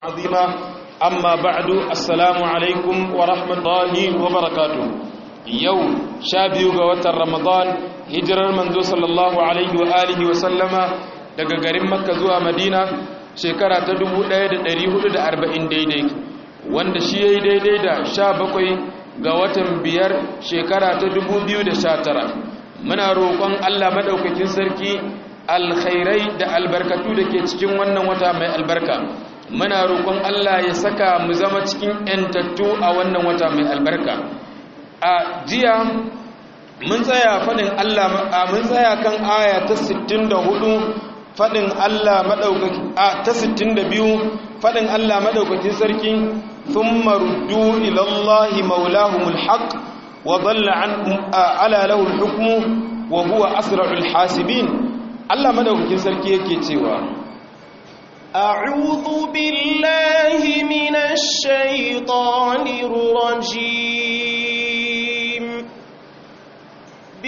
عظيمة أما بعد السلام عليكم ورحمة الله وبركاته يوم شابيو قوات رمضان هجر المنذ صلى الله عليه وآله وسلم daga garin makka zuwa madina shekara ta 1440 daidai wanda shi yayi daidai da 17 ga watan biyar shekara ta 2019 muna roƙon Allah madaukakin sarki alkhairai da albarkatu da ke cikin wannan wata mai albarka muna roƙon Allah ya saka mu zama cikin ƴantattu a wannan wata mai albarka a jiya mun tsaya faɗin Allah a mun tsaya kan aya ta 64 faɗin Allah madaukaki a ta 62 faɗin Allah madaukakin sarki ruddu ila ilallahi maulahumul haqq wa dhalla an ala al hukmu wa huwa asra'ul hasibin Allah madaukakin sarki yake cewa أعوذ بالله من الشيطان الرجيم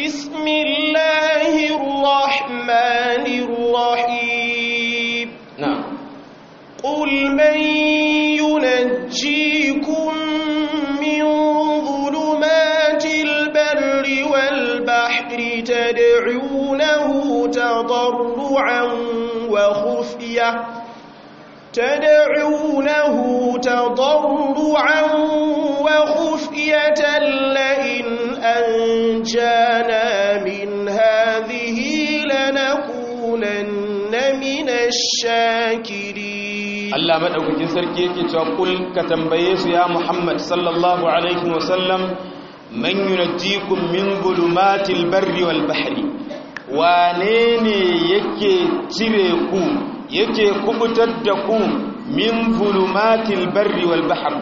بسم الله الرحمن الرحيم نعم قل من ينجيكم من ظلمات البر والبحر تدعونه تضرعا وخفيه تدعونه تضرعا وخفية لئن أنجانا من هذه لنكونن من الشاكرين الله مدعوكين سركيكي تقول كتنبيس يا محمد صلى الله عليه وسلم من ينجيكم من ظلمات البر والبحر wane ne yake cire ku yake kubutar da ku min zulumatil barri wal bahr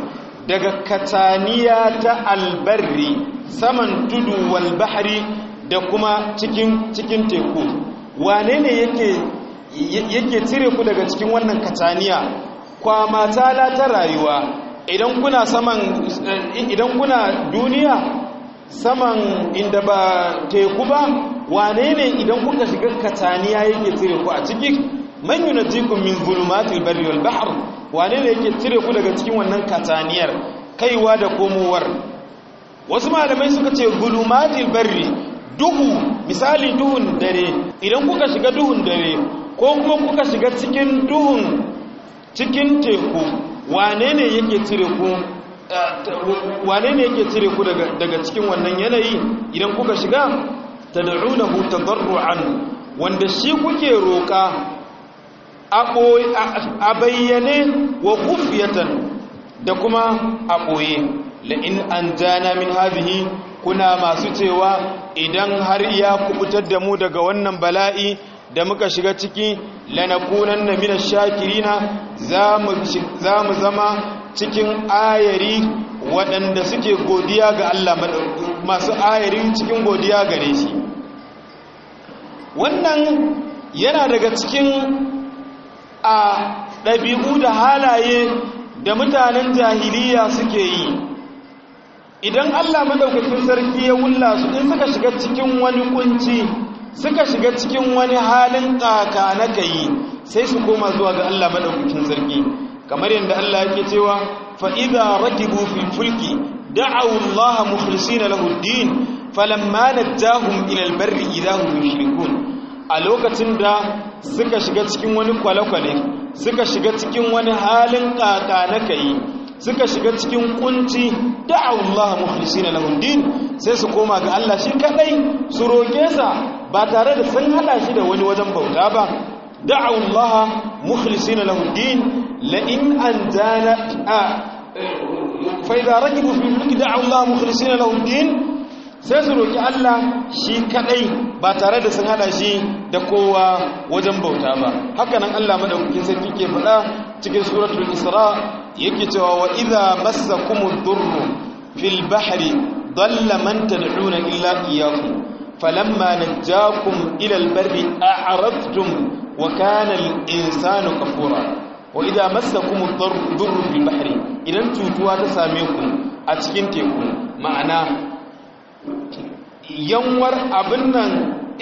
daga kataniya ta albarri saman tudu wal bahri da kuma cikin cikin teku wane ne yake yake tire ku daga cikin wannan kataniya mata la ta rayuwa idan kuna saman idan kuna duniya saman inda ba teku ba wane ne idan kuka shiga kataniya yake tsire ku a cikin. man yunajjikum min zulumatil barri wal bahr wane ne yake cire ku daga cikin wannan kataniyar kaiwa da komowar wasu malamai suka ce zulumatil barri duhu misali duhun dare idan kuka shiga duhun dare ko kuma kuka shiga cikin duhun cikin teku wane ne yake cire ku eh, wane ne yake cire ku daga cikin wannan yanayi idan kuka shiga tad'unahu tadarruan wanda shi kuke roka a bayyane wa kufiyatan da kuma a ɓoye la'in an jana min hazihi kuna masu cewa idan har iya kubutar da mu daga wannan bala'i da muka shiga ciki lanakunan na mina shakirina za mu zama cikin ayari waɗanda suke godiya ga Allah masu ayari cikin godiya gare shi wannan yana daga cikin a ɗabi'u da halaye da mutanen jahiliya suke yi idan allah maɗaukakin sarki ya wulla su in suka shiga cikin wani kunci suka shiga cikin wani halin ƙaka na kayi sai su koma zuwa ga allah maɗaukakin sarki kamar yadda allah yake cewa fa'iza raki bufin fulki da'awun allaha mukhlisina lahu din falamma shirikun. a lokacin da suka shiga cikin wani kwale-kwale suka shiga cikin wani halin ƙaƙa na kai suka shiga cikin ƙunci, da Allah mukhlisina na lahundin sai su koma ga Allah shi kaɗai, su roƙe sa ba tare da sun hada shi da wani wajen bauta ba da'awullah mukhlisina lahum din la in anzala fa idza yi mafi mulki Allah mukhlisina na lahundin sai su roƙi Allah shi kaɗai ba tare da sun hada shi da kowa wajen bauta ba hakanan Allah madaukakin sarki ke faɗa cikin suratul Isra yake cewa wa idza massakumud durru fil bahri dalla man tad'una illa iyyahu falamma najjakum ila al barri a'radtum wa kana al insanu kafura wa idza massakumud durru fil bahri idan tutuwa ta same ku a cikin teku ma'ana yanwar abin nan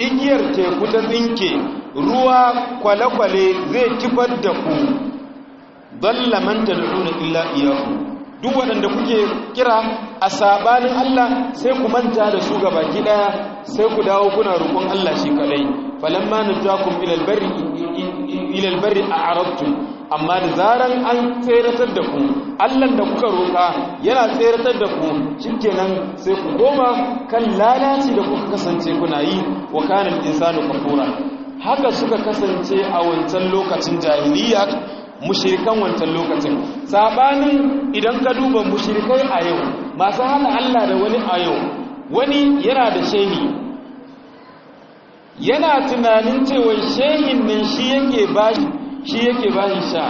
igiyar teku ta tsinke ruwa kwale-kwale zai kifar da ku lamanta da nuna illa iyaku duk waɗanda kuke kira a sabanin Allah sai ku manta da su ga baki ɗaya sai ku dawo kuna rukun Allah shi kalai falamma nujakum ilal a arabtun amma da zaran an tseratar da ku allan da kuka roƙa yana tseratar da ku shikenan sai ku goma kan lalaci da kuka kasance kuna yi wa kanin insanu kafura haka suka kasance a wancan lokacin jahiliya mushirikan wancan lokacin sabanin idan ka duba mushirikai a yau masu hana Allah da wani a yau wani yana da shehi yana tunanin cewa shehin nan shi yake bashi shi yake ba sha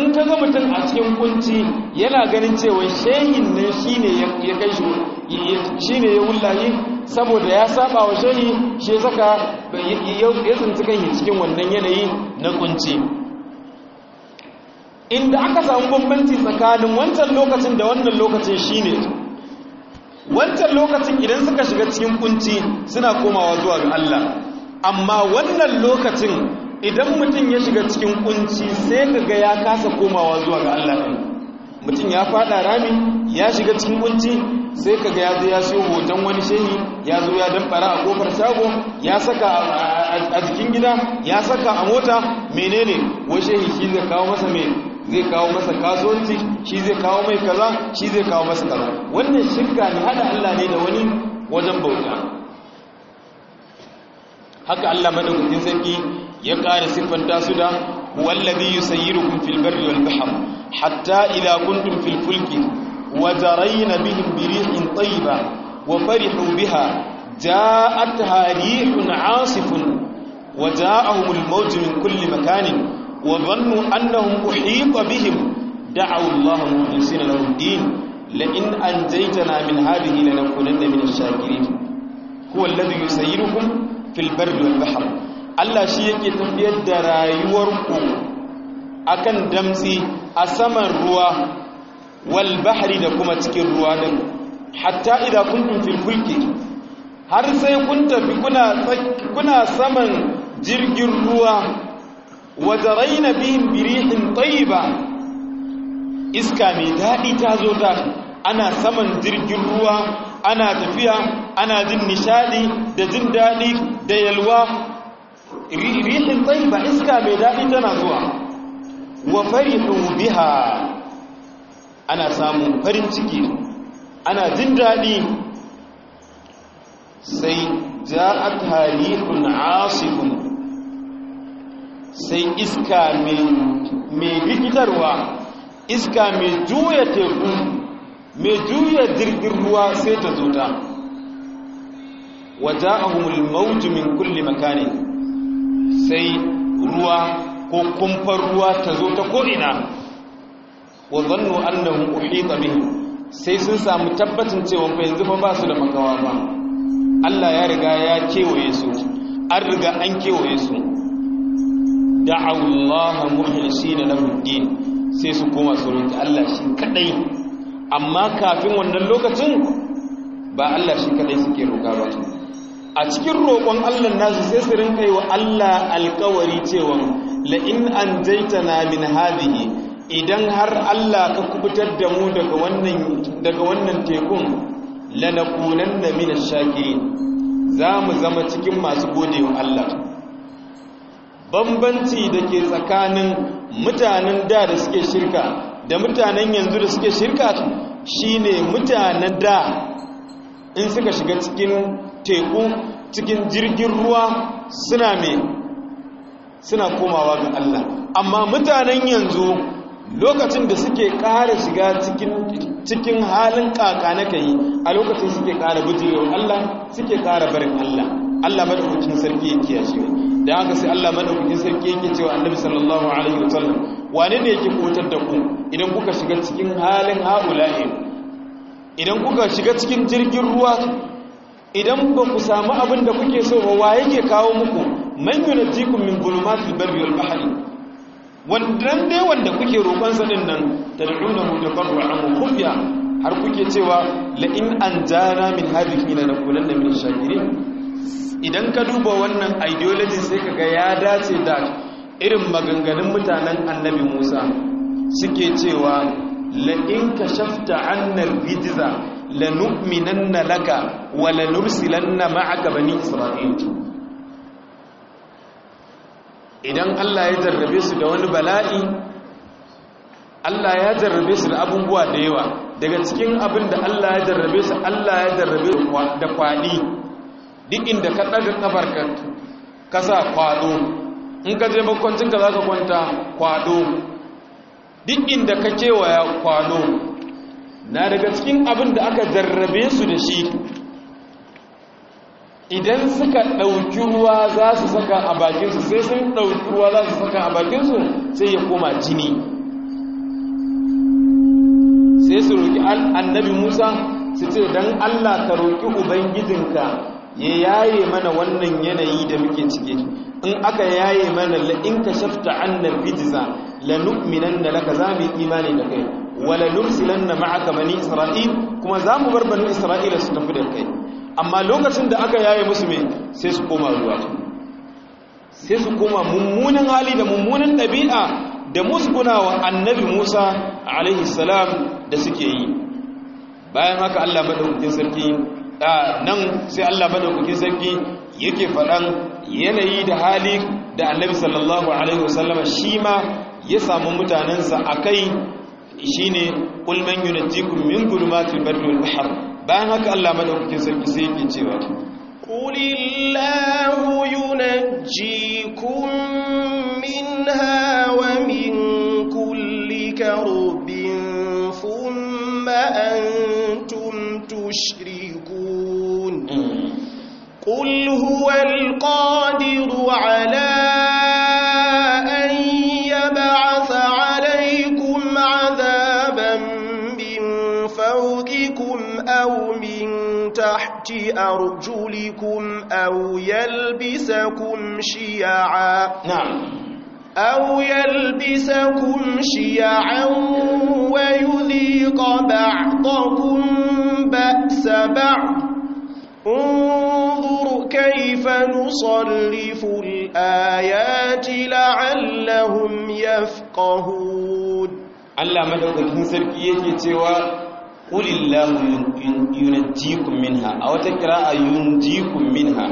in ka ga mutum a cikin kunci yana ganin cewa shehin ne shi ne ya kai shi ne ya wullahi saboda ya saba wa shehi shi zaka ya tsinci kai cikin wannan yanayi na kunci inda aka samu bambanci tsakanin wancan lokacin da wannan lokacin shi ne wancan lokacin idan suka shiga cikin kunci suna komawa zuwa ga Allah amma wannan lokacin idan mutum ya shiga cikin kunci sai ka ga ya kasa komawa zuwa ga Allah ɗin mutum ya fada rami ya shiga cikin kunci sai kaga ya zo ya siyo hoton wani shehi ya zo ya damfara a kofar shago ya saka a jikin gida ya saka a mota menene wai shehi shi zai kawo masa mai zai kawo masa kasuwanci shi zai kawo mai kaza shi zai kawo masa kaza wannan shirka ne hada Allah ne da wani wajen bauta haka Allah madaukakin sarki ya ƙara siffanta su da wallazi yusayyirukum fil barri wal bahr hatta idza kuntum fil fulki wa jarayna bihim bi rihin tayyiba wa farihu biha ja'atha rihun 'asifun wa ja'ahum al mawj min kulli makanin wa dhannu annahum uhita bihim da'u Allah mukhlisina lahu din لئن أنجيتنا من هذه لنكونن من الشاكرين هو الذي يسيركم Filbar bardi Allah shi yake tafiyar da rayuwarku akan damtsi a saman ruwa walbahari da kuma cikin ruwa din hatta idan kun fil fulki har sai kun tafi kuna saman jirgin ruwa wa raina bihim birihin tayyiba iska mai daɗi ta zo ta ana saman jirgin ruwa ana tafiya ana jin nishadi da jin daɗi da yalwa rihin tsayi ba iska mai daɗi tana zuwa wa farihu biha ana samun farin ciki ana jin daɗi sai ja a tarihun asifun sai iska mai rikitarwa iska mai juya teku mai juya jirgin ruwa sai ta zo ta waje ahumul mautu min kulli makani sai ruwa ko kumfar ruwa ta zo ta ko'ina wa an da uhita tsami sai sun samu tabbacin cewa ba yanzu ba su da makawa ba Allah ya riga ya kewaye su an riga an kewaye su da'awu Allah muhlisina na din sai su koma su rinta Allah shi kadai amma kafin wannan lokacin ba Allah shi kadai suke roƙa ba a cikin roƙon Allah nasu sai su rinka yi wa Allah alƙawari cewa la in anjaytana min hadhihi idan har Allah ka kubutar da mu daga wannan daga wannan tekun lanakunanna min ash-shakirin za mu zama cikin masu godewa Allah bambanci da ke tsakanin mutanen da da suke shirka da mutanen yanzu da suke shirka shi ne mutanen da in suka shiga cikin teku cikin jirgin ruwa suna mai suna komawa ga Allah amma mutanen yanzu lokacin da suke ƙara shiga cikin halin kaka na kai a lokacin suke ƙara bujewa Allah suke ƙara barin Allah Allah madaukakin sarki ya kiyashe da aka sai Allah madaukakin sarki yake cewa annabi sallallahu alaihi wasallam wane ne yake kotar da ku idan kuka shiga cikin halin haulahi idan kuka shiga cikin jirgin ruwa idan ba ku samu abin da kuke so ba waye yake kawo muku man yunajjikum min zulumatil barri wal bahri wannan dai wanda kuke roƙon sa din nan tad'unahu tadarruan wa khufya har kuke cewa la in anjana min hadhihi lanakunanna min shakirin idan ka duba wannan ideology sai ka ga ya dace da irin maganganun mutanen annabi musa suke cewa la'in ka shafta annar gidiza lanu'minan na laka wa lanursilan na ma'aka bani isra'il idan allah ya jarrabe su da wani bala'i allah ya jarrabe su da abubuwa da yawa daga cikin abin da allah ya jarrabe su allah ya jarrabe da kwaɗi duk inda ka ɗaga ƙafar ka sa kwado in ka je makwancinka za ka kwanta kwado duk inda ka kewaya kwado na daga cikin abin da aka jarrabe su da shi idan suka ɗauki ruwa za su saka a bakinsu sai sun ɗauki ruwa za su saka a bakinsu sai ya koma jini sai su roƙi annabi musa su ce don allah ka roƙi ubangijinka ya yaye mana wannan yanayi da muke cike in aka yaye mana la in kashafta annal bijza lanu'minanna laka zamu imani da kai wala nursilanna ma'aka bani isra'il kuma zamu bar bani isra'ila su tafi da kai amma lokacin da aka yaye musu me sai su koma zuwa sai su koma mummunan hali da mummunan dabi'a da musgunawa annabi Musa alaihi salam da suke yi bayan haka Allah madaukakin sarki nan sai Allah madaukakin sarki yake faɗan yanayi da hali da annabi sallallahu alaihi wasallama shi ma ya samu mutanensa a kai shi ne ƙulman yunajikun min gulmatul al wal bahr bayan haka Allah madaukakin sarki sai yake cewa qulillahu yunajjikum أرجلكم أو يلبسكم شيعا نعم أو يلبسكم شيعا ويذيق بعضكم بأس بعض انظر كيف نصرف الآيات لعلهم يفقهون الله مدعوكم سرقية تيوى kulillahu minha a wata kira'a yunjikum minha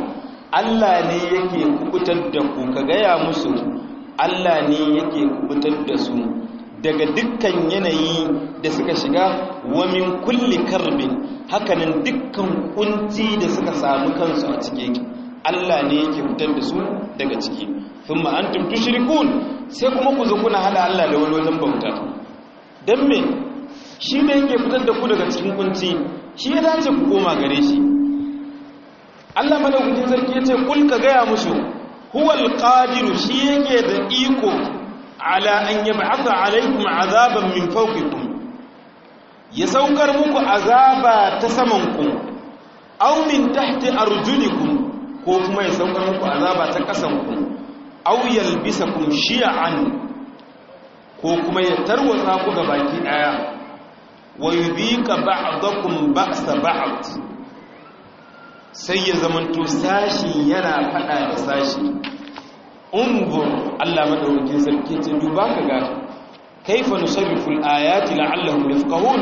Allah ne yake kubutar da ku ka gaya musu Allah ne yake kubutar da su daga dukkan yanayi da suka shiga wa min kulli karbin hakanan dukkan kunci da suka samu kansu a ki, Allah ne yake fitar da su daga ciki thumma antum tushrikun sai kuma ku zo kuna hada Allah da wani wajen bauta dan me shi ne yake fitar da ku daga cikin kunci shi ya dace ku koma gare shi Allah madaukakin sarki ya ce kul ka gaya musu huwal qadir shi yake da iko ala an yab'atha alaykum azaban min fawqikum ya saukar muku azaba ta saman ku aw min tahti arjulikum ko kuma ya saukar muku azaba ta kasan ku aw yalbisakum shi'an ko kuma ya tarwasa ku ga baki daya wa yudhika ba'dakum ba'sa ba'd sai ya zamanto sashi yana fada da sashi unzur Allah madaukakin sarki ce duba ka ga kaifa nusarrifu ayati la'allahum yafqahun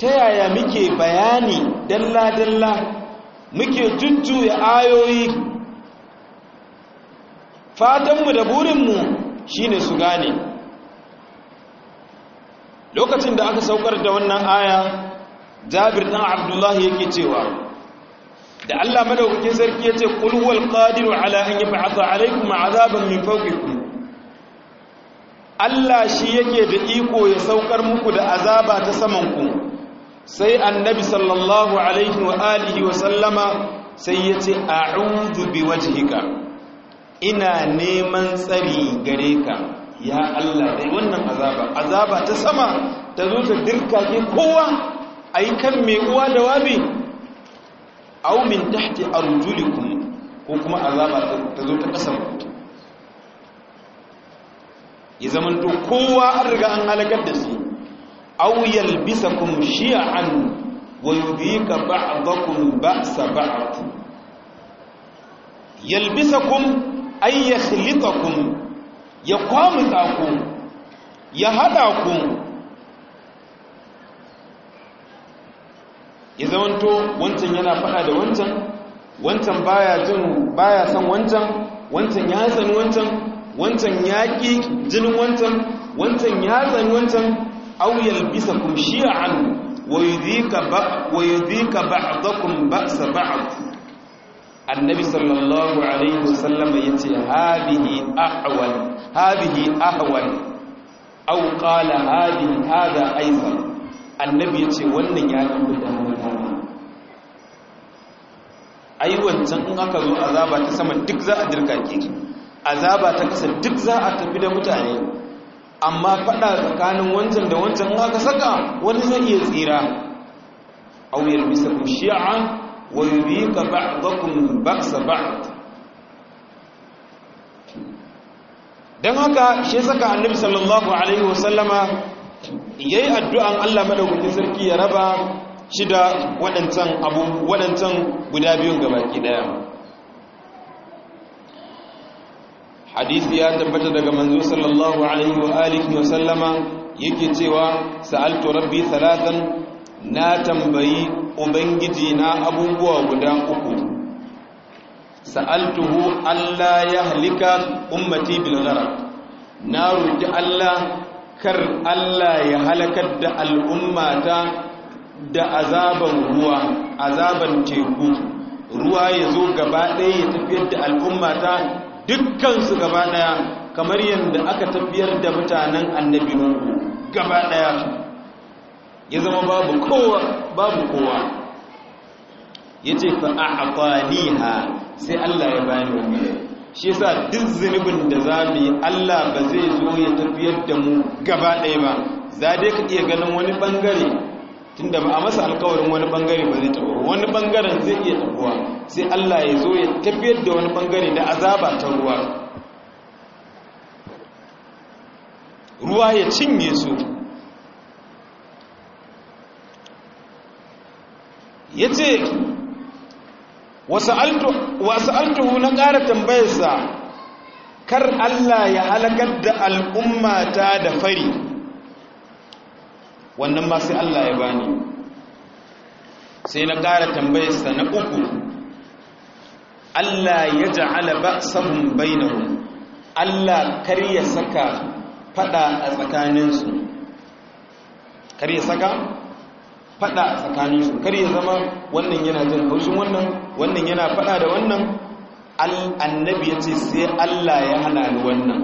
ta yaya muke bayani dalla dalla muke jujjuya ayoyi fatanmu da burinmu shine su gane lokacin da aka saukar da wannan aya jabir ɗan abdullahi yake cewa da Allah madaukakin sarki yace qul huwal qadiru ala an yab'atha alaykum azaban min fawqikum Allah shi yake da iko ya saukar muku da azaba ta saman ku sai annabi sallallahu alaihi wa alihi wa sallama sai yace a'udhu biwajhika ina neman tsari gare ka ya Allah dai wannan azaba azaba ta sama ta zo ta dirkake kowa a yi kan mai uwa da wabi au min a rujulikun ko kuma azaba ta zo ta kasan ya zamanto kowa an riga an halakar da su. shi aw yalbisakum shi'an wa yudika ba'dakum ku ba'd yalbisakum ay yakhlitakum ya kwamu ku ya haɗa ku ya zamanto wancan yana faɗa da wancan wancan baya jin baya san wancan wancan ya san wancan wancan ya ƙi jin wancan wancan ya san wancan auyal bisa kun shi'an wa yudhika ba'dakum ba'sa ba'd annabi sallallahu alaihi wasallam ce hadihi ahwal hadihi ahwal aw qala hadihi hada aidan annabi ce wannan ya dubu da ai wancan in aka zo azaba ta sama duk za a dirka ke azaba ta kasa duk za a tafi da mutane amma fada tsakanin wancan da wancan in aka saka wani zai iya tsira aw yalbisakum shi'an wa yudika ba'dakum ba'sa ba'd dan haka shi saka annabi sallallahu alaihi wasallama yayi addu'an Allah madaukakin sarki ya raba shi da waɗancan abu waɗancan guda biyun gabaki daya hadisi ya tabbata daga manzo sallallahu alaihi wa alihi wa sallama yake cewa sa'altu rabbi thalathan na tambayi ubangiji na abubuwa guda uku sa'altuhu Allah ya halika ummati bil na roki Allah kar Allah ya halakar da al'ummata da azaban ruwa azaban teku ruwa ya zo gaba ɗaya ya tafiyar da al'ummata dukkansu gaba ɗaya kamar yadda aka tafiyar da mutanen annabi gaba ɗaya ya zama babu kowa babu kowa ce fa a'taniha sai Allah ya bani wani shi sa duk zunubin da mu yi Allah ba zai zo ya tafiyar da mu gaba ɗaya ba za dai ka iya ganin wani ɓangare tunda a masa alkawarin wani ɓangare ba zai taɓa wani ɓangaren zai iya tabuwa sai Allah ya zo ya tafiyar da wani ɓangare da azaba ta ruwa ruwa ya cinye su ya ce wasu altuhu na ƙara tambayarsa kar Allah ya halakar da al'ummata da fari wannan ma sai Allah ya bani sai na ƙara tambayarsa na uku Allah ya ja'ala ba samun bainahun Allah kar ya saka fada a tsakaninsu kar ya saka fada a su, kar ya zama wannan yana jin haushin wannan wannan yana fada da wannan annabi ya ce sai allah ya hana ni wannan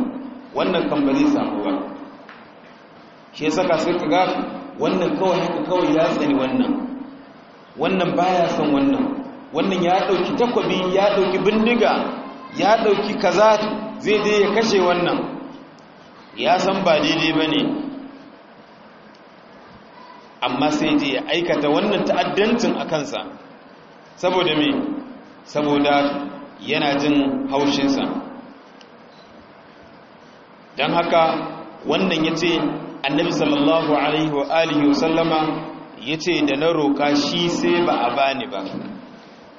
wannan kan ba zai samu ba shi ya saka sai ka ga wannan kawai haka kawai ya tsani wannan wannan baya son wannan wannan ya dauki takwabi ya dauki bindiga ya dauki kaza zai je ya kashe wannan ya san ba daidai bane amma sai je ya aikata wannan ta'addancin a kansa saboda me saboda yana jin haushinsa don haka wannan ya ce annabi sallallahu alaihi wa alihi wasallama ya ce da na roƙa shi sai ba a bani ba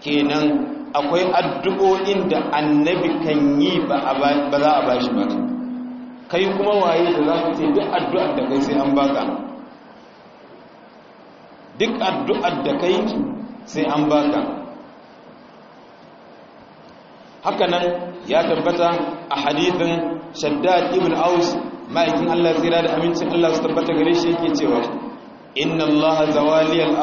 kenan akwai addu'o'in da annabi kan yi ba za a bashi ba kai kuma waye da za ka ce duk addu'ar da kai sai an baka duk addu'ar da kai sai an baka hakanan ya tabbata a hadithin shaddad ibn aus ma'aikin Allah tsira da amincin Allah su tabbata gare shi yake cewa inna Allah zawali al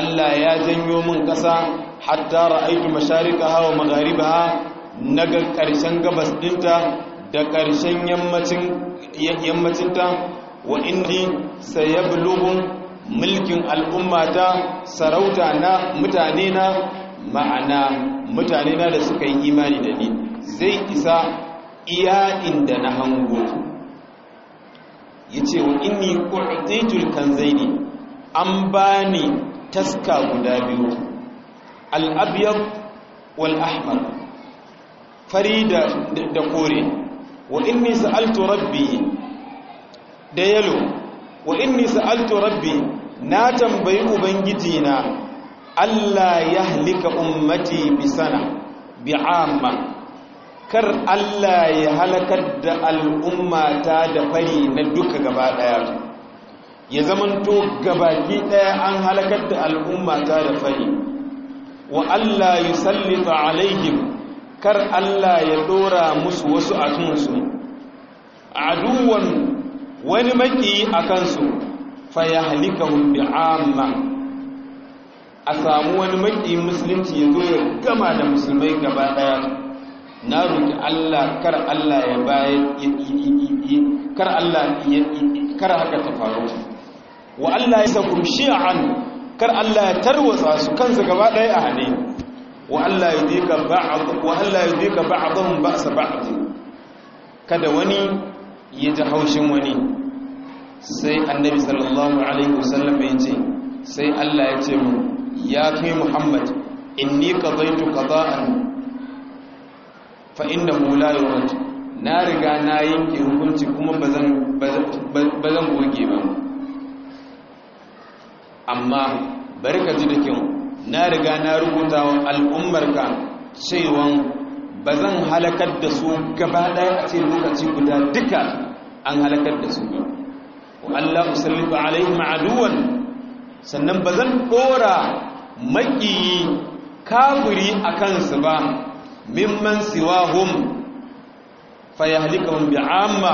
Allah ya janyo min ƙasa hatta ra'aytu masharikaha wa magharibaha naga ƙarshen gabas ɗinta da karshen yammacinta wa inni sayablughu mulkin al'ummata sarauta na mutane na ma'ana mutane na da suka yi imani da ni zai isa iya inda na hango ya ce wa inni ƙwarɗaitul kan zaini an ba ni taska guda biyu al'abiyar wal'ahmar fari da kore wa inni sa'altu rabbi da yalo wa inni sa'altu rabbi na tambayi ubangiji na Allah ya halika ummati bi sana bi amma kar Allah ya halakar da al'ummata da fari na duka gaba daya ya zamanto gabaki daya an halakar da al'ummata da fari wa Allah yusallita alaihim kar Allah ya dora musu wasu a aduwan wani maki a kansu fayahlikahum amma a samu wani maki musulunci ya zo ya gama da musulmai gaba daya na roki Allah kar Allah ya bayar kar Allah kar haka ta faru wa Allah ya sakum shi'an kar Allah ya tarwasa su kansa gaba daya a hane wa Allah ya dika ba'd wa Allah ya dika ba'dhum ba'sa ba'd kada wani ya ji haushin wani sai annabi sallallahu alaihi wasallam ya ce sai Allah ya ce mu ya kai Muhammad inni qadaytu qada'an fa innahu la yurad na riga na yanke hukunci kuma bazan bazan goge ba amma barka ji da na riga na rubuta wa ka cewa bazan halakar da su gaba daya a cikin lokaci guda duka an halakar da su ba Allah usallitu alaihim aduwan sannan ba zan dora maƙiyi kafiri a kansu ba mimman siwahum fayahlikahum bi'amma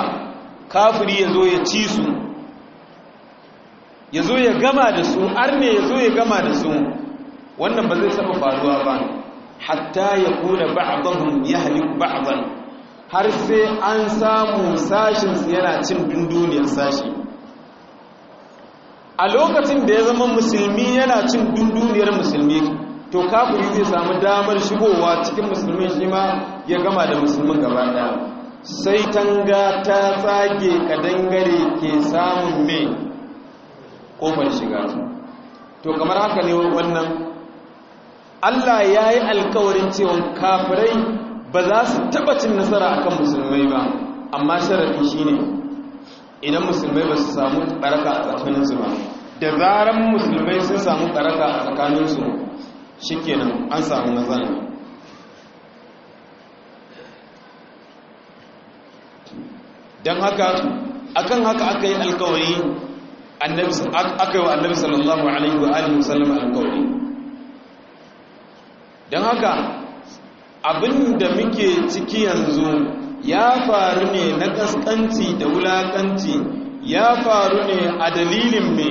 kafiri yazo ya ci su yazo ya gama da su arne yazo ya gama da su wannan ba zai saba faruwa ba hatta yakuna ba'dhum yahliku ba'dhan har sai an samu sashinsu yana cin dunduniyar sashi a lokacin da ya zama musulmi yana cin dunduniyar musulmi to kafiri zai samu damar shigowa cikin musulmi shi ma ya gama da musulmin gaba sai tanga ta tsage dangare ke samun mai kofar shiga to kamar haka ne wannan Allah ya yi alkawarin cewa kafirai ba za su taɓa cin nasara akan musulmai ba amma sharafi shi ne idan musulmai ba su samu baraka a tsakaninsu ba da zaren musulmai sun samu baraka a tsakaninsu shikenan an samu matsala don haka akan haka aka yi alkawari aka yi wa annabi sallallahu alaihi wa alihi musallama alkawari don haka abin da muke ciki yanzu ya faru ne na kaskanci da wulakanci ya faru ne a dalilin me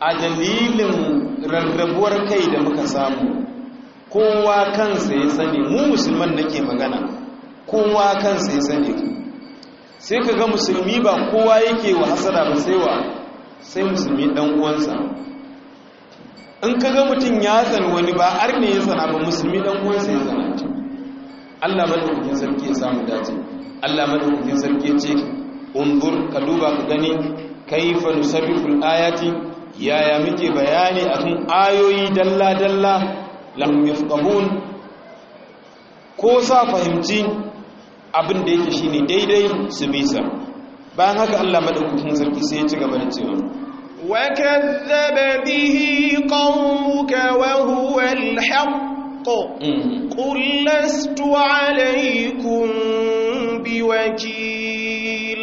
a dalilin rarrabuwar kai da muka samu kowa kansa ya sani mu musulman nake magana kowa kansa ya sani sai ka ga musulmi ba kowa yake wa hasara ba sai wa sai musulmi dan uwansa in ka ga mutum ya tsani wani ba ne ya tsana ba musulmi dan uwansa ya zana. Allah madaukakin sarki ya samu dace Allah madaukakin sarki ya ce unzur ka duba ka gani kaifa nusarriful ayati yaya muke bayani akan ayoyi dalla dalla lam yafqahun ko sa fahimci abin da yake shine daidai su bisa bayan haka Allah madaukakin sarki sai ya ci gaba da cewa وكذب به قومك وهو الحق الحق قل لست عليكم بوكيل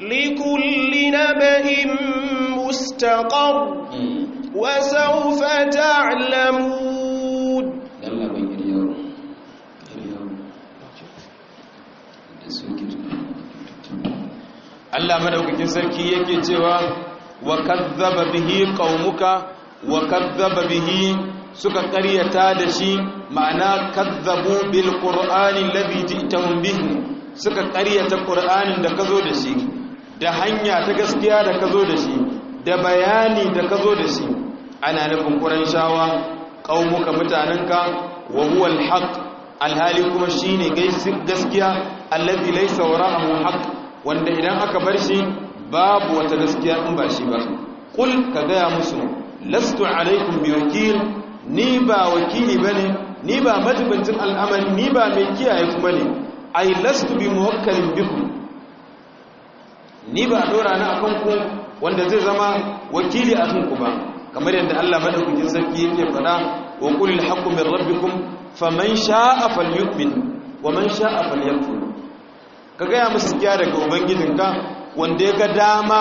لكل نبأ مستقر وسوف تعلمون Allah madaukakin sarki yake cewa wa kazzaba bihi qaumuka wa kazzaba bihi suka ƙaryata da shi ma'ana kazzabu bil qur'ani ladhi ji'tahum bihi suka ƙaryata qur'anin da kazo da shi da hanya ta gaskiya da kazo da shi da bayani da kazo da shi ana nufin qurayshawa qaumuka mutananka wa huwa al alhali kuma shine gaskiya alladhi laysa wara'ahu haqq wanda idan aka bar shi babu wata gaskiya in ba shi ba qul ka gaya musu lastu alaikum biwakil ni ba wakili bane ni ba majibantin al'amari ni ba mai kiyaye ku bane ai lastu bi muwakkalin biku ni ba dora na akan ku wanda zai zama wakili a ku ba kamar yadda Allah madaukakin sarki yake faɗa wa qulil haqqu min rabbikum faman sha'a falyu'min wa man sha'a falyakfur ka ga ya musu kiyaye daga ubangijinka wanda ya ga dama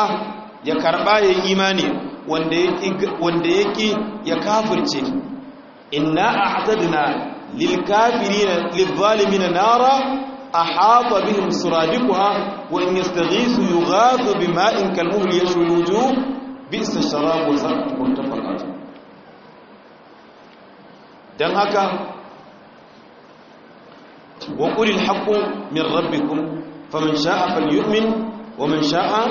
ya karba ya imani wanda ya yake ya kafirce inna a'tadna lil kafirina lil zalimin nara ahata bihim suradiquha wa in yastaghisu yughathu bima'in kalmuhl yashwi wujuh bi'sa sharab wa sa'at muntafaqat dan haka wa qulil haqqu min rabbikum faman sha'a falyu'min wa man sha'a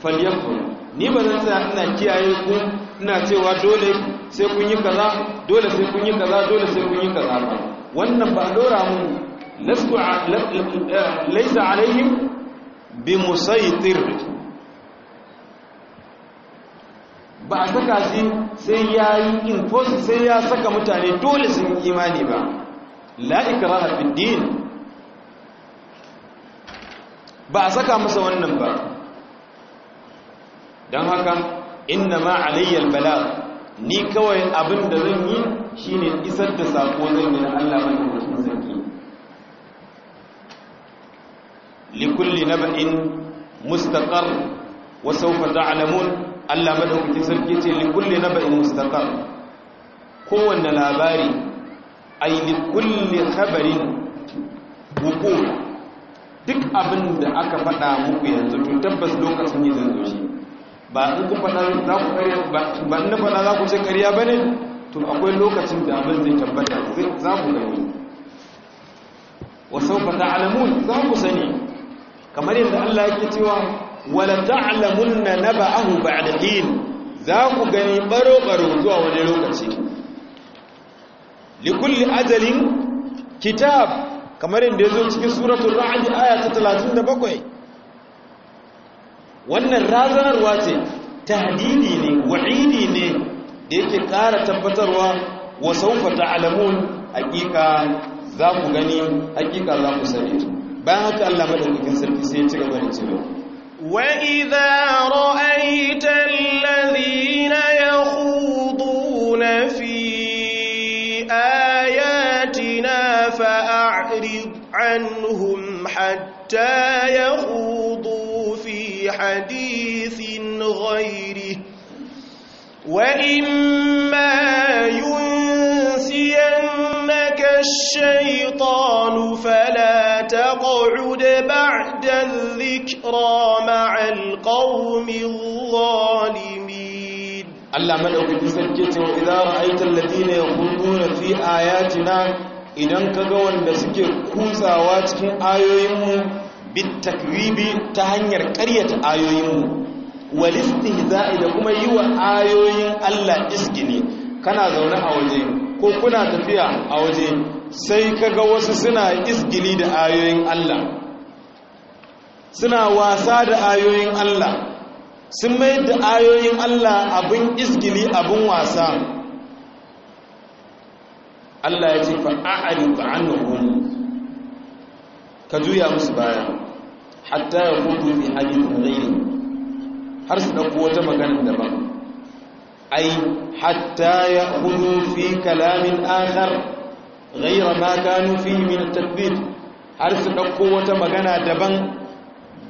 falyakfur ni ba zan tsaya ina kiyaye ku ina cewa dole sai kun yi kaza dole sai kun yi kaza dole sai kun yi kaza ba wannan ba dora mu lasu laisa alaihim bi musaytir ba a saka shi sai ya yi infosi sai ya saka mutane dole sun imani ba la ikraha fid din ba a saka masa wannan ba don haka inna ma alayyar bala ni kawai abin da zan yi shi ne isar da sako zan yi na Allah mai mutum sarki likulli na ba'in mustaqar wa da alamun Allah madaukakin sarki ce likulli na ba'in mustaqar kowanne labari a yi likulli khabarin wuqu duk abin da aka faɗa muku yanzu tun tabbas lokacin yi zan zo shi ba in kun faɗa za ku ƙarya ba in faɗa za ku ce karya ba ne to akwai lokacin da abin zai tabbata za ku gani wasu ta alamun za ku sani kamar yadda Allah yake cewa wala ta'lamun na naba'ahu ba'da hin za ku gani baro-baro zuwa wani lokaci likulli ajalin kitab kamar yadda ya zo cikin suratul ra'd aya ta 37 wannan razanarwa ce tahdidi ne wa'idi ne da yake kara tabbatarwa wa sawfa ta'lamun hakika za ku gani hakika za ku sani bayan haka Allah madaukakin sarki sai ya ci gaba da cewa wa idza ra'aita alladhina yakhuduna fi ayatina fa'rid anhum hatta غيره وإما ينسينك الشيطان فلا تقعد بعد الذكرى مع القوم الظالمين الله ملعب بسكتهم إذا رأيت الذين يخوضون في آياتنا idan ka ga wanda suke kutsawa cikin ayoyinmu bit takribi ta hanyar ƙaryata ayoyinmu walistihza'i da kuma yi wa ayoyin Allah isgini kana zaune a waje ko kuna tafiya a waje sai kaga wasu suna isgili da ayoyin Allah suna wasa da ayoyin Allah sun mai da ayoyin Allah abin isgili abin wasa Allah ya ce fa'a'arid anhum ka juya musu baya hatta yaqutu fi hadithin ghairi har su ɗauko wata maganin daban ai hatta ya kudu fi kalamin akhar gaira ma ka fi min tabbid har su ɗauko wata magana daban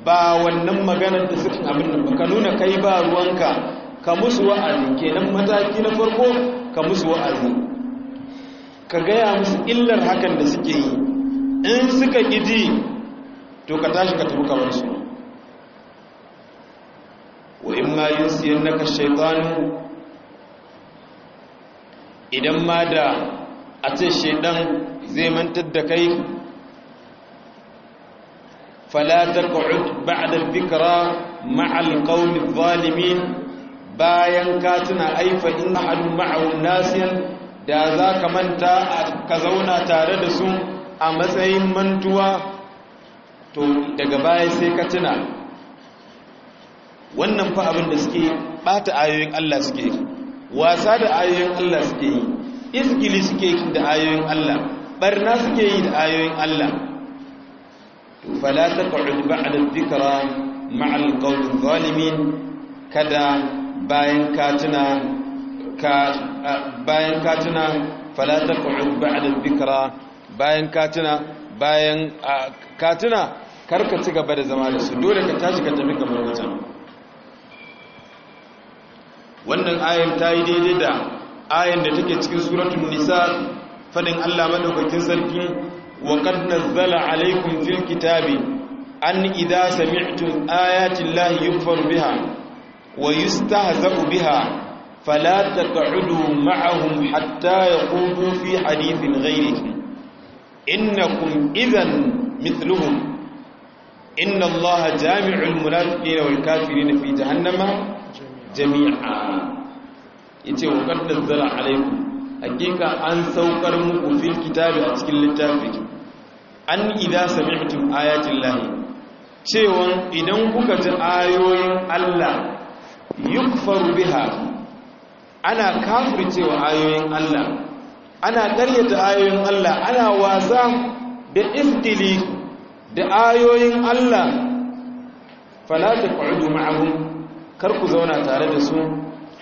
ba wannan maganar da suka abin ka nuna kai ba ruwanka ka musu wa'azi kenan mataki na farko ka musu wa'azi ka gaya musu illar hakan da suke yi in suka gidi to ka tashi ka tafi kamar su wa in ma idan ma da a ce zai mantar da kai fala tarqud ba'da al-fikra ma'a al bayan ka tuna aifa in ahadu ma'ahu da za ka manta ka zauna tare da su a matsayin mantuwa to daga baya sai ka tuna wannan fa abin da suke bata ayoyin Allah suke wasa da ayoyin Allah suke yi izgili suke yi da ayoyin Allah barna suke yi da ayoyin Allah to fala taq'ud ba'da dhikra ma'al qawl zalimin kada bayan ka tuna ka bayan ka tuna fala taq'ud ba'da dhikra bayan ka tuna bayan ka tuna karka ci gaba da zama da su dole ka tashi ka tafi kamar wata. wannan ayin ta yi daidai da ayin da take cikin suratun nisa fadin allah maɗaukakin sarki wa kaddar zala alaikun fil kitabi an idha sami'tum ayatin lahi yufar biha wa yustahza'u biha fala taq'udu ma'ahum hatta yaqulu fi hadithin ghayrihi innakum idhan mithluhum inna allaha jami'ul munafiqina wal kafirina fi jahannama jami'a yace wa qad nazzala alaykum hakika an saukar muku fil kitabi a cikin littafi an sami sami'tum ayatin lahi cewa idan kuka ji ayoyin Allah yukfaru biha ana cewa ayoyin Allah ana karyata ayoyin Allah ana wasa da iftili da ayoyin Allah fala taq'udu ma'ahum kar ku zauna tare da su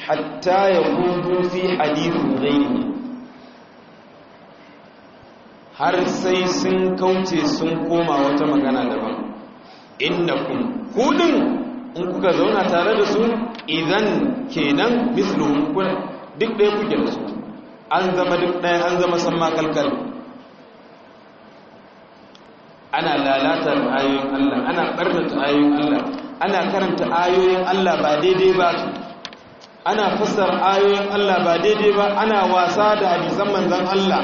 hatta ya kudu fi hadithin gaini har sai sun kauce sun koma wata magana daban innakum kudin in kuka zauna tare da su idan kenan misluhum kun duk ɗaya kuke da su an zama duk ɗaya an zama san makalkal ana lalatar ayoyin Allah ana ɓarnata ayoyin Allah ana karanta ayoyin Allah ba daidai ba ana fassara ayoyin Allah ba daidai ba ana wasa da hadisan manzon Allah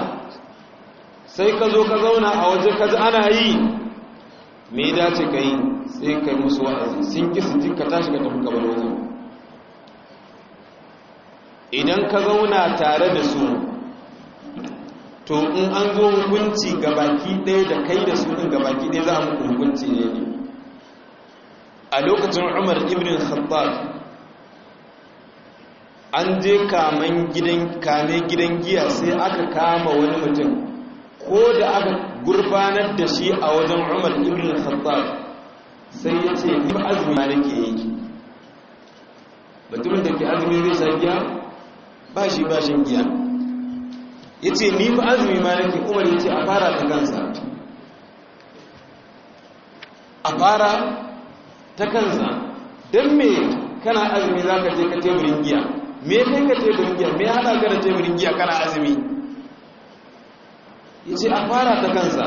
sai ka zo ka zauna a waje ka ji ana yi me ya dace ka yi sai ka yi musu wa'azi sun ki su ka tashi ka tafi gaba wajen idan ka zauna tare da su to in an zo hukunci ga baki ɗaya da kai da su ɗin ga baki ɗaya za a muku hukunci ne ne a lokacin umar ibn khattab an je kamen gidan kame gidan giya sai aka kama wani mutum ko da aka gurbanar da shi a wajen umar ibn khattab sai ya ce ni azumi na nake yi batun da ke azumi zai sha giya ba shi ba shan giya ya ce ni ba azumi ma nake umar ya ce a fara ta kansa a fara ta kansa don me kana azumi za ka je ka teburin giya me kai ka teburin giya me hana ka da teburin giya kana azumi ya ce a fara ta kansa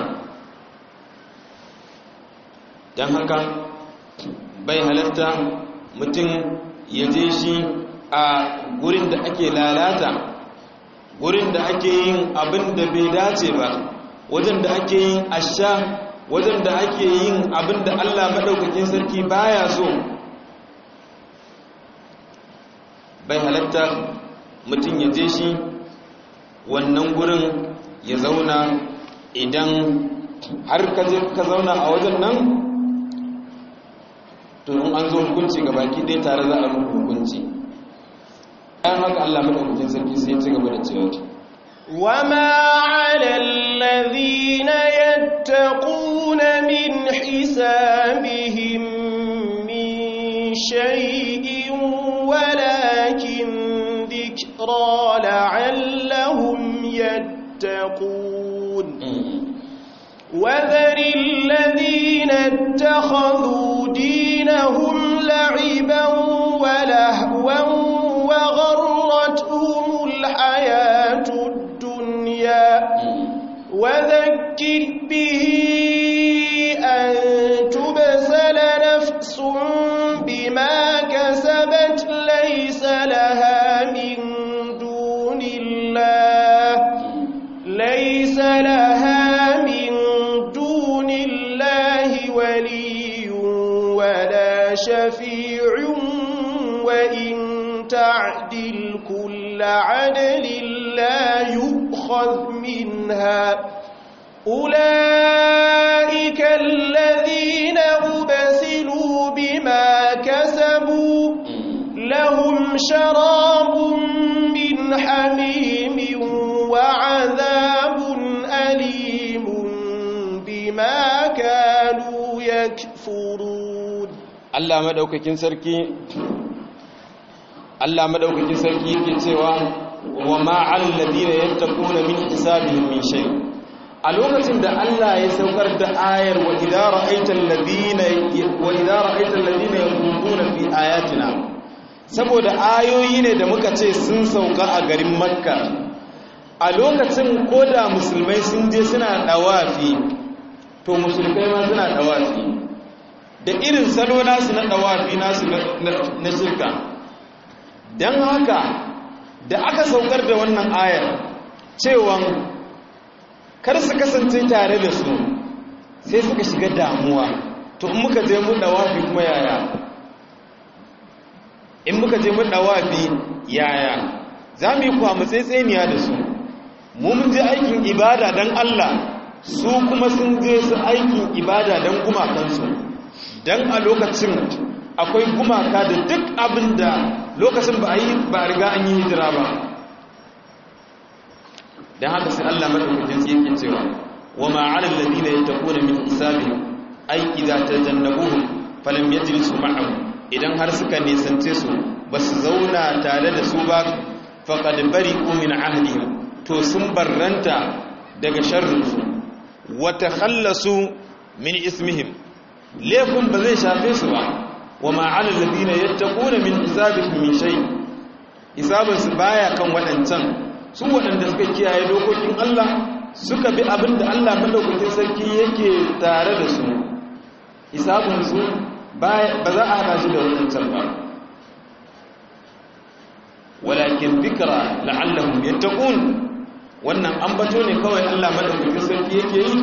don haka bai halarta mutum ya je shi a gurin da ake lalata gurin da ake yin abin da bai dace ba wajen da ake yin asha wajen da ake yin abin da Allah maɗaukakin sarki baya so bai halatta mutum ya je shi wannan gurin ya zauna idan har ka zauna a wajen nan to in an zo hukunci ga baki ɗaya tare za a rufe hukunci bayan haka Allah maɗaukakin sarki sai ya ci gaba da cewa wama alal أقسامهم من شيء ولكن ذكرى لعلهم يتقون وذر الذين اتخذوا دينهم لعبا ولهوا وغرتهم الحياة الدنيا وذكر به عدل لا يؤخذ منها أولئك الذين أبسلوا بما كسبوا لهم شراب من حميم وعذاب أليم بما كانوا يكفرون الله مدوككين سركي Allah madaukakin sarki yake cewa wa ma alladheena yattaquna min hisabihim min shay a lokacin da Allah ya saukar da ayar wa idza ra'aita alladina wa idza ra'aita alladina yanquduna fi ayatina saboda ayoyi ne da muka ce sun sauka a garin Makka a lokacin koda musulmai sun je suna dawafi to musulmai ma suna dawafi da irin salo nasu na dawafi nasu na shirka don haka da aka saukar da wannan ayar cewan kar su kasance tare da su sai suka shiga damuwa to in muka je mun dawafi kuma yaya in muka je mun dawafi yaya za mu yi kwamutsaitseniya da su mu mun je aikin ibada don Allah su kuma sun je su aikin ibada don gumakansu don a lokacin akwai gumaka da duk abin da lokacin ba a yi ba riga an yi hijira ba don haka sai allah maɗaukakin sai yake cewa wa ma'alar ladina ya tako da min isabi ai idza tajannabuhum falam yajlisu ma'am idan har suka nisance su ba su zauna tare da su ba da bari min ahdihim to sun barranta daga sharrinsu wata khallasu min ismihim laifin ba zai shafe su ba wa ma'anar labina yadda da min isabin min shai isabinsu baya kan waɗancan su waɗanda suka kiyaye dokokin allah suka bi abin da allah madaukakin sarki yake tare da su isabinsu ba za a haɗa shi da waɗancan ba walakin bikira la'allahum yattaqun wannan an bato ne kawai allah madaukakin sarki yake yi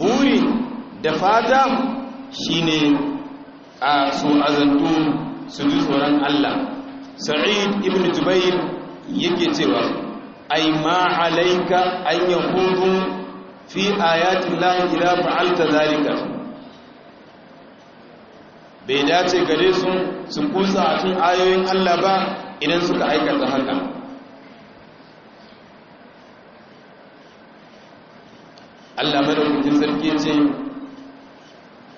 buri da fata shine a su azantu su ji tsoron Allah sa'id ibn jubair yake cewa ai ma alayka an yahudu fi ayati llahi idza fa'alta zalika bai dace gare su su kusa a cikin ayoyin Allah ba idan suka aikata haka Allah madaukakin sarki ce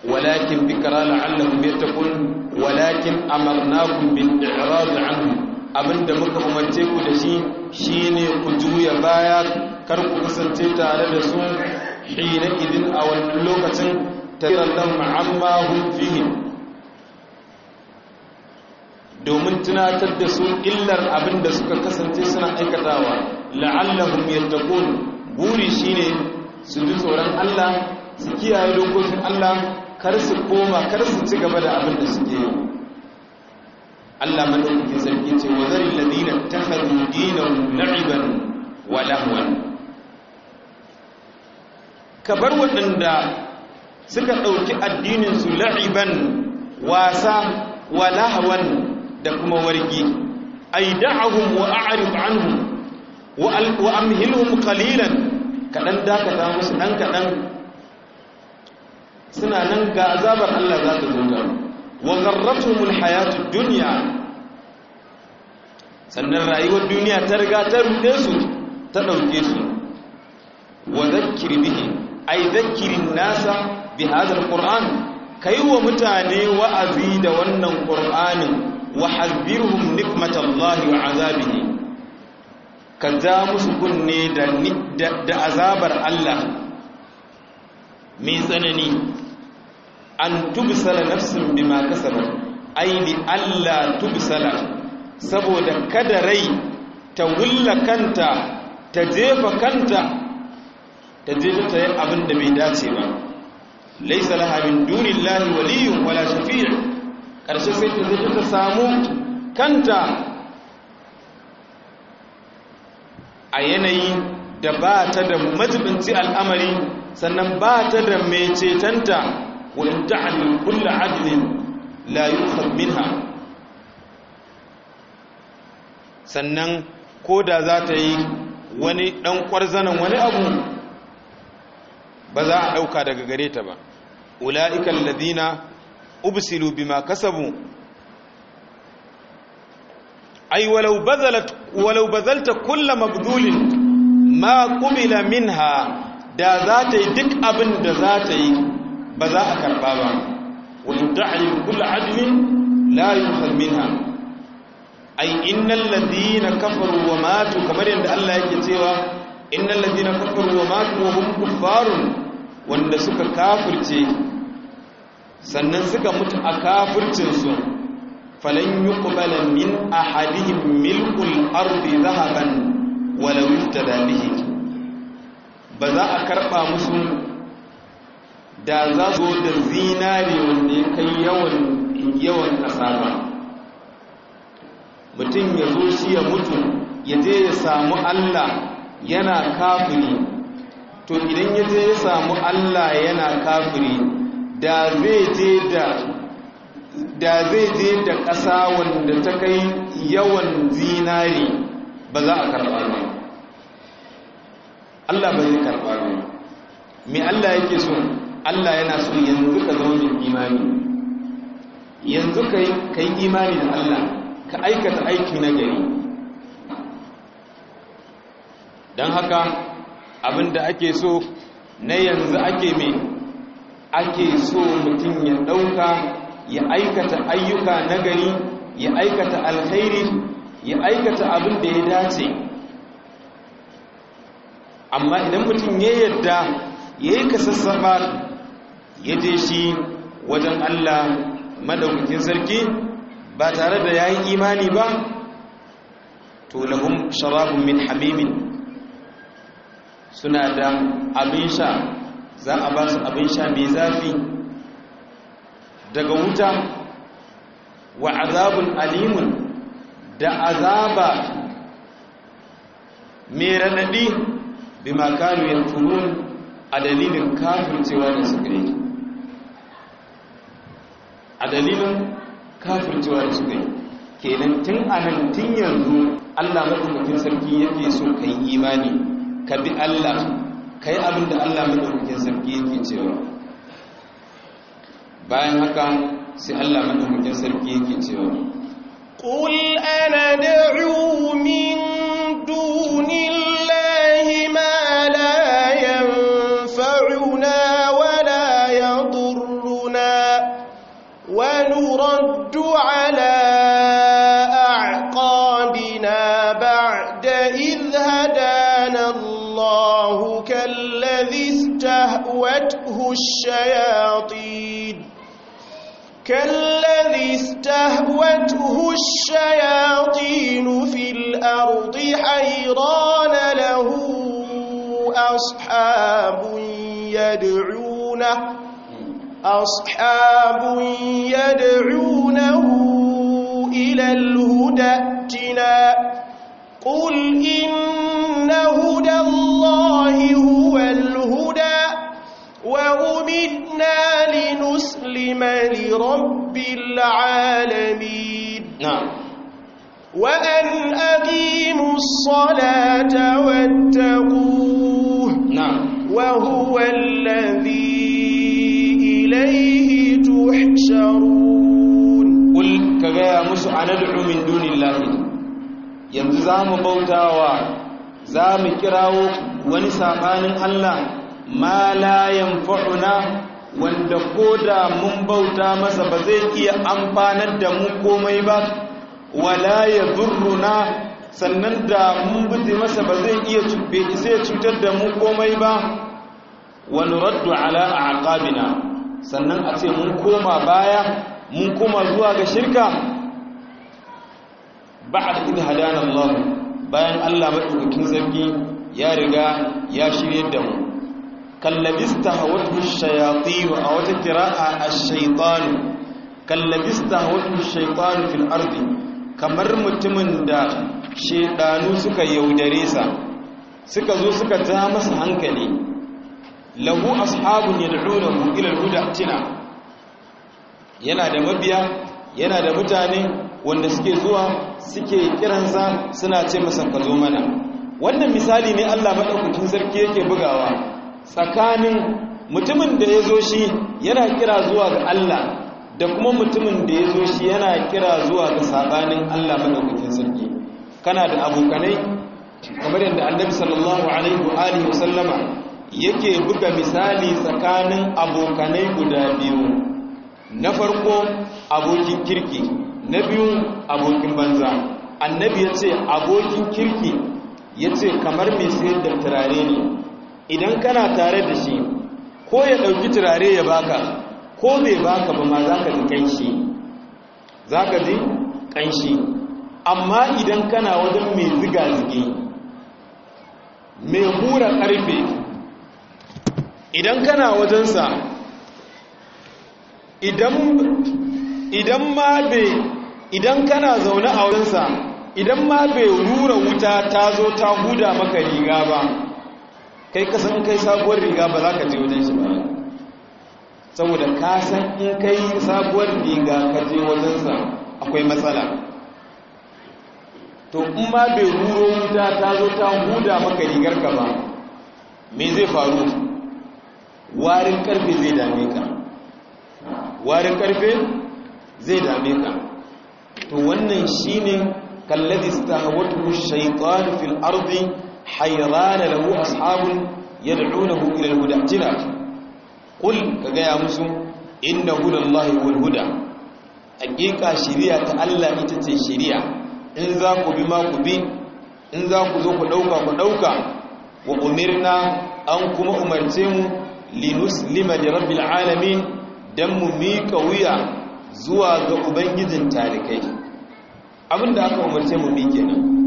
ولكن ذكرى لعلهم يتقون ولكن أمرناكم بالإعراض عنهم abinda muka umarce ku da shi shine ku juya baya kar ku kasance tare da su hina idin a wannan lokacin tafiran nan amma hum fihi domin tunatar da su illar abinda suka kasance suna aikatawa la'allahum yattaqun buri shine su ji tsoron Allah su kiyaye dokokin Allah kar su koma kar su ci gaba da abin da suke yi Allah madaukakin sarki ce wa zaril ladina takhadhu dinan na'iban wa lahwan kabar waɗanda suka ɗauki addininsu la'iban wasa wa lahwan da kuma wargi ai da'ahum wa a'rid anhum wa amhilhum qalilan kadan dakata musu dan kadan suna nan ga azabar Allah za ta zo garo wa gharratuhumul hayatud dunya sannan rayuwar duniya ta riga ta rude su ta ɗauke su wa zakkir bihi ai zakkirin nasa bi hadha alquran kai wa mutane wa'azi da wannan qur'anin wa hadhirhum nikmatallahi wa azabihi ka ja musu kunne da azabar Allah mai tsanani an tubsala nafsin bima kasabat ai bi alla tubsala saboda kada rai ta wulla kanta ta jefa kanta ta jefa ta yin abin da bai dace ba laisa laha min dunillahi waliyyun wala shafi' ƙarshe sai ta jefa ta samu kanta a yanayi da ba ta da majibinci al'amari sannan ba ta da mai cetanta وإن تعلم كل عدل لا يؤخذ منها sannan ko da za ta yi wani ɗan ƙwarzanan wani abu ba za a ɗauka daga gare ta ba ula'ikan ladina ubsilu bima kasabu ai walau bazalta kulla magdulin ma kumila minha da za ta yi duk abin da za ta yi ba za a karɓa ba wani ta'ayin kula adinin layin halminha ai innan ladina kafaru wa matu kamar yadda Allah yake cewa innan ladina kafaru wa matu wa hum kuffarun wanda suka kafirce sannan suka mutu a kafircinsu falan yuqbala min ahadihim milkul ardi zahaban wala yuftada bihi ba za a karɓa musu da za zo da zinari wanda ya kai yawan yawan ƙasa ba mutum ya zo shi ya mutu ya je ya samu Allah yana kafiri to idan ya je ya samu Allah yana kafiri da zai je da da zai je da ƙasa wanda ta kai yawan zinari ba za a karɓa ba Allah ba zai karɓa ba me Allah yake so Allah yana so yanzu ka zama mai imani yanzu ka yi imani da Allah ka aikata aiki na gari don haka abinda ake so na yanzu ake mai ake so mutum ya ɗauka ya aikata ayyuka na gari ya aikata alkhairi ya aikata abin da ya dace amma idan mutum ya yadda ya yi sassaɓa. ya je shi wajen Allah madaukakin sarki ba tare da yayi imani ba to lahum sharabun min hamimin suna da abin sha za a ba su abin sha mai zafi daga wuta wa azabun alimun da azaba mai raɗaɗi bi makaru yankunun a dalilin kafin cewa da su a dalilin kafircewa da suka kenan tun a nan tun yanzu allah maɗaukakin sarki yake so ka yi imani ka bi allah ka yi abin da allah maɗaukakin sarki yake cewa bayan haka sai allah maɗaukakin sarki yake cewa قل أنا دعو استهوته الشياطين في الأرض حيران له أصحاب يدعونه أصحاب يدعونه إلى الهدى ائتنا قل إن هدى الله هو الهدى وأمنا لنسلم لرب العالمين نعم وأن أقيموا الصلاة واتقوه نعم وهو الذي إليه تحشرون قل كذا يا موسى أندعو من دون الله يمزام بوتاوا زام كراو ونسى الله ma la yanfa'una wanda koda mun bauta masa ba zai iya amfanar da mu komai ba wala yadurruna sannan da mun bude masa ba zai iya cutar da mu komai ba wa nuraddu ala aqabina sannan a ce mun koma baya mun koma zuwa ga shirka ba'd id hadana Allah bayan Allah madaukakin sarki ya riga ya shirye da mu kallabista hawatu shayatinu a wata kira a shaitanu kallabista hawatu shaitanu fil ardi kamar mutumin da shaidanu suka yaudare sa suka zo suka ja masa hankali lahu ashabun yad'unahu ila al-huda tina yana da mabiya yana da mutane wanda suke zuwa suke kiransa suna ce masa ka mana wannan misali ne Allah madaukakin sarki yake bugawa tsakanin mutumin da ya zo shi yana kira zuwa ga Allah da kuma mutumin da ya zo shi yana kira zuwa ga sabanin Allah madaukakin sarki kana da abokanai kamar yadda annabi sallallahu alaihi wa alihi wa sallama yake buga misali tsakanin abokanai guda biyu na farko abokin kirki na biyu abokin banza annabi ya ce abokin kirki ya ce kamar mai sayar da turare ne idan kana tare da shi ko ya ɗauki turare ya baka ko bai baka ba ma za ka ji ƙanshi za ka ji ƙanshi amma idan kana wajen mai ziga-zige mai hura ƙarfe idan kana wajensa idan ma bai idan kana zaune a wajensa idan ma bai rura wuta ta zo ta huda maka riga ba kai ka san kai sabuwar riga ba za ka je wajen shi ba saboda ka san in kai sabuwar riga ka je wajensa akwai matsala to in ma bai huro wuta ta zo ta huda maka rigar ka ba me zai faru warin karfe zai dame ka warin karfe zai dame ka to wannan shine kallazi stahawatu shaytan fil ardi hayrana lahu ashabun yad'unahu ila al-huda tina qul ka gaya musu inna hudallahi wal huda hakika shari'a ta Allah ita ce shari'a in za ku bi ma ku bi in za ku zo ku ɗauka ku ɗauka, wa umirna an kuma umarce mu linuslima li rabbil alamin dan mu mika wuya zuwa ga ubangijin talikai abinda aka umarce mu bi kenan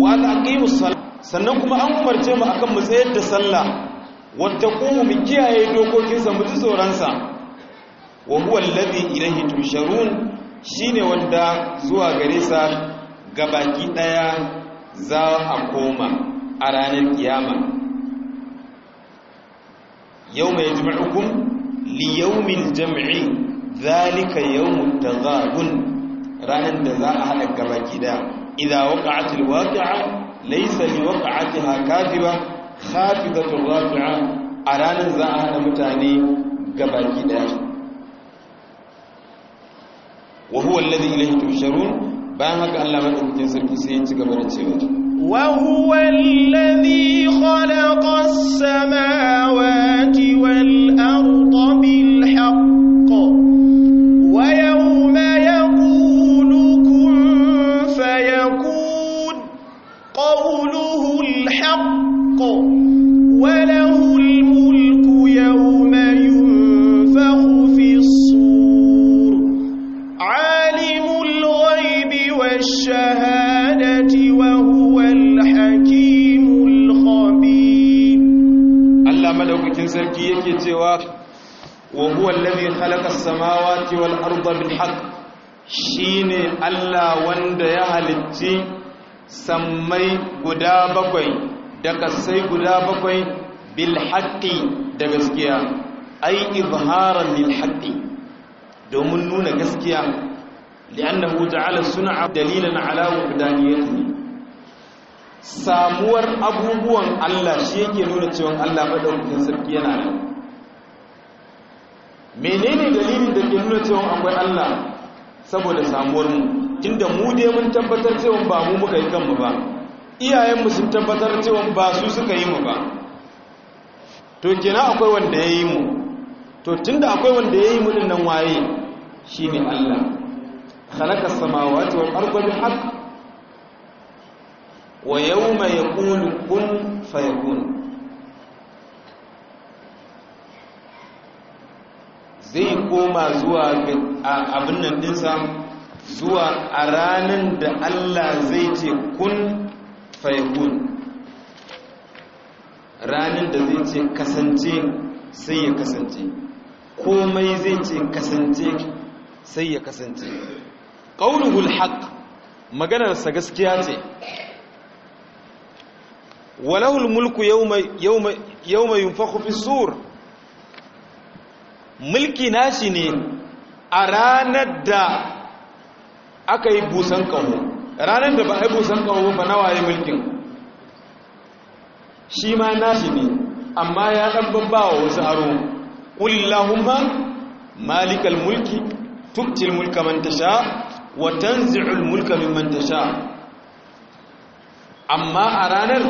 wa an aqimus sannan kuma an umarce mu akan mu tsayar da sallah kuma mu kiyaye dokokinsa mu ji tsoron sa wa huwa alladhi ilayhi tusharun shine wanda zuwa gare sa gabaki daya za a koma a ranar kiyama yawma yajma'ukum li yawmil jam'i dhalika yawmut taghabun ranar da za a haɗa gabaki daya إذا وقعت الواقعة ليس لوقعتها كاذبة خافضة الرافعة أرانا زعانا متاني قبل كده وهو الذي إليه تحشرون باهك ألا من أمكن سركسين تقبل السيوات وهو الذي خلق السماوات والأرض بالأرض cewa wa huwa allazi khalaqa as-samawati wal arda bil haqq shine Allah wanda ya halicci sammai guda bakwai da kasai guda bakwai bil haqqi da gaskiya ai izharan lil haqqi domin nuna gaskiya li'annahu ta'ala sun'a dalilan ala wahdaniyatihi samuwar abubuwan Allah shi yake nuna cewa Allah madaukakin sarki yana nan menene dalilin da ke nuna cewa akwai Allah saboda samuwar mu tunda mu dai mun tabbatar cewa ba mu muka yi kanmu ba iyayenmu sun tabbatar cewa ba su suka yi mu ba to kenan akwai wanda ya yi mu to tunda akwai wanda ya yi mu nan waye shine Allah arda bil haqq wa yawma yaqulu kun fayakun zai koma zuwa abin nan dinsa zuwa a ranar da Allah zai ce kun faikun ranar da zai ce kasance sai ya kasance komai zai ce kasance sai ya kasance ƙaunuhul haƙ maganarsa gaskiya ce walahul mulku yau mai yau yau mai mai mai yau mulki nashi ne a ranar da aka yi busan kawo. ranar da ba a yi busan kawo ba nawa ya mulkin shi ma nashi ne amma ya ɗan babbawa wasu aro ƙulillahumma malikal mulki tuktil mulka mantasha, tasha tanzi'ul mulka mimman amma a ranar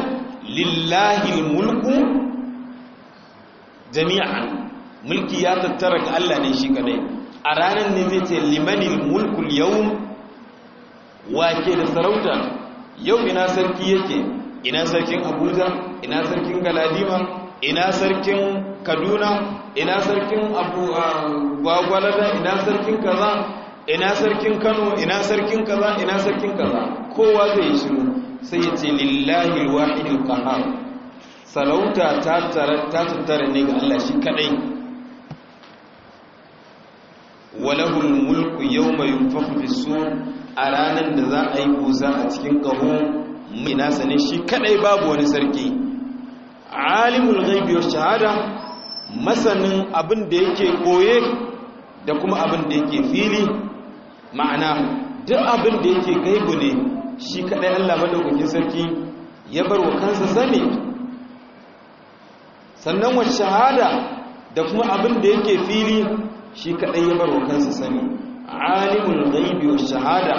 lillahi mulku jami'an mulki ya tattara ga Allah ne shi kadai a ranar ne zai ce limanin mulkul yau wake da sarauta yau ina sarki yake ina sarkin abuja ina sarkin galadima ina sarkin kaduna ina sarkin abu ah, gwagwalada ina sarkin kaza ina sarkin kano ina sarkin kaza ina sarkin kaza kowa zai yi shiru sai ya ce lillahi wa'idin qahar sarauta ta tattara ne ga Allah shi kadai walahul mulku yawma yunfakhu bis-sur a ranar da za a yi kusa a cikin kaho mai nasa shi kadai babu wani sarki alimul ghaibi wa shahada masanin abin da yake koye da kuma abin da yake fili ma'ana duk abin da yake gaibu ne shi kadai Allah madaukakin sarki ya bar wa kansa sani sannan wa shahada da kuma abin da yake fili shi kaɗai ya wa kansa sani alimun ghaibi wa shahada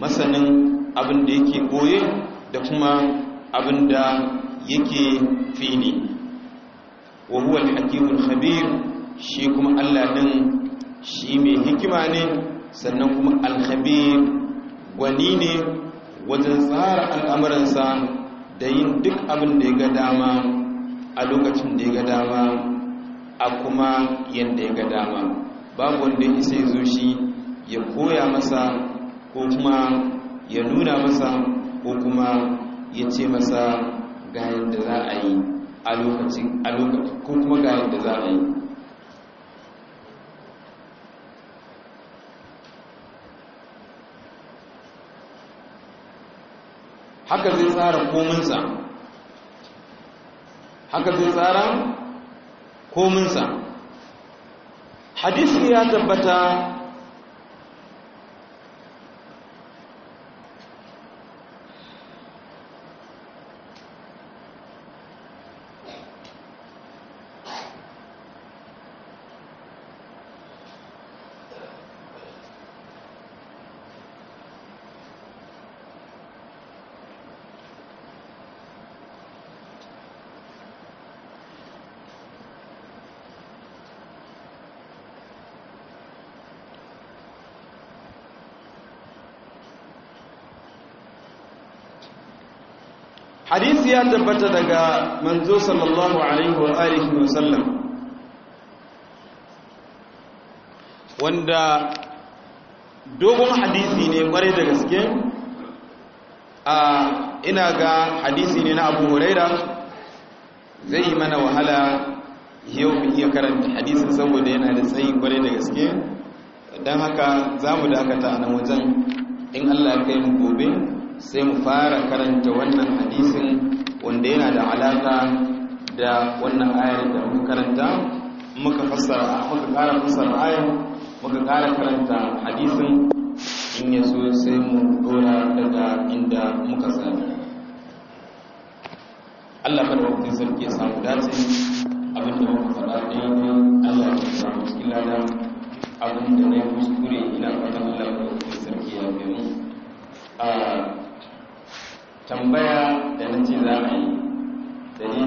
masanin abin da yake goye da kuma abin da yake fini wa huwa al-hakimul khabir shi kuma Allah din shi mai hikima ne sannan kuma al-khabir gwani ne wajen tsara al'amuransa da yin duk abin da ya ga dama a lokacin da ya ga dama a kuma yadda ya ga dama babu wanda ya sai zo shi ya koya masa ko kuma ya nuna masa ko kuma ya ce masa ga yadda za a yi a lokacin ko kuma ga yadda za a yi haka zai tsara kominsa haka zai tsara sa hadisi ya tabbata hadisi ya tabbata daga manzo sallallahu alaihi wa alihi wa sallam wanda dogon hadisi ne kwarai da gaske a ina ga hadisi ne na abu huraira zai yi mana wahala yau iya karanta hadisin saboda yana da tsayi kwarai da gaske don haka za mu dakata a nan wajen in allah kai mu gobe sai mu fara karanta wannan hadisin wanda yana da alaka da wannan ayar da muka karanta muka fassara muka kara fassara ayar muka kara karanta hadisin in ya so sai mu dora daga inda muka sani Allah madawacin sarki ya samu dace abinda muka faɗa ɗaya ne Allah ya samu cikin lada abinda na yi kuskure ina fatan Allah madawacin sarki ya biyu tambaya da na ce za a yi da ni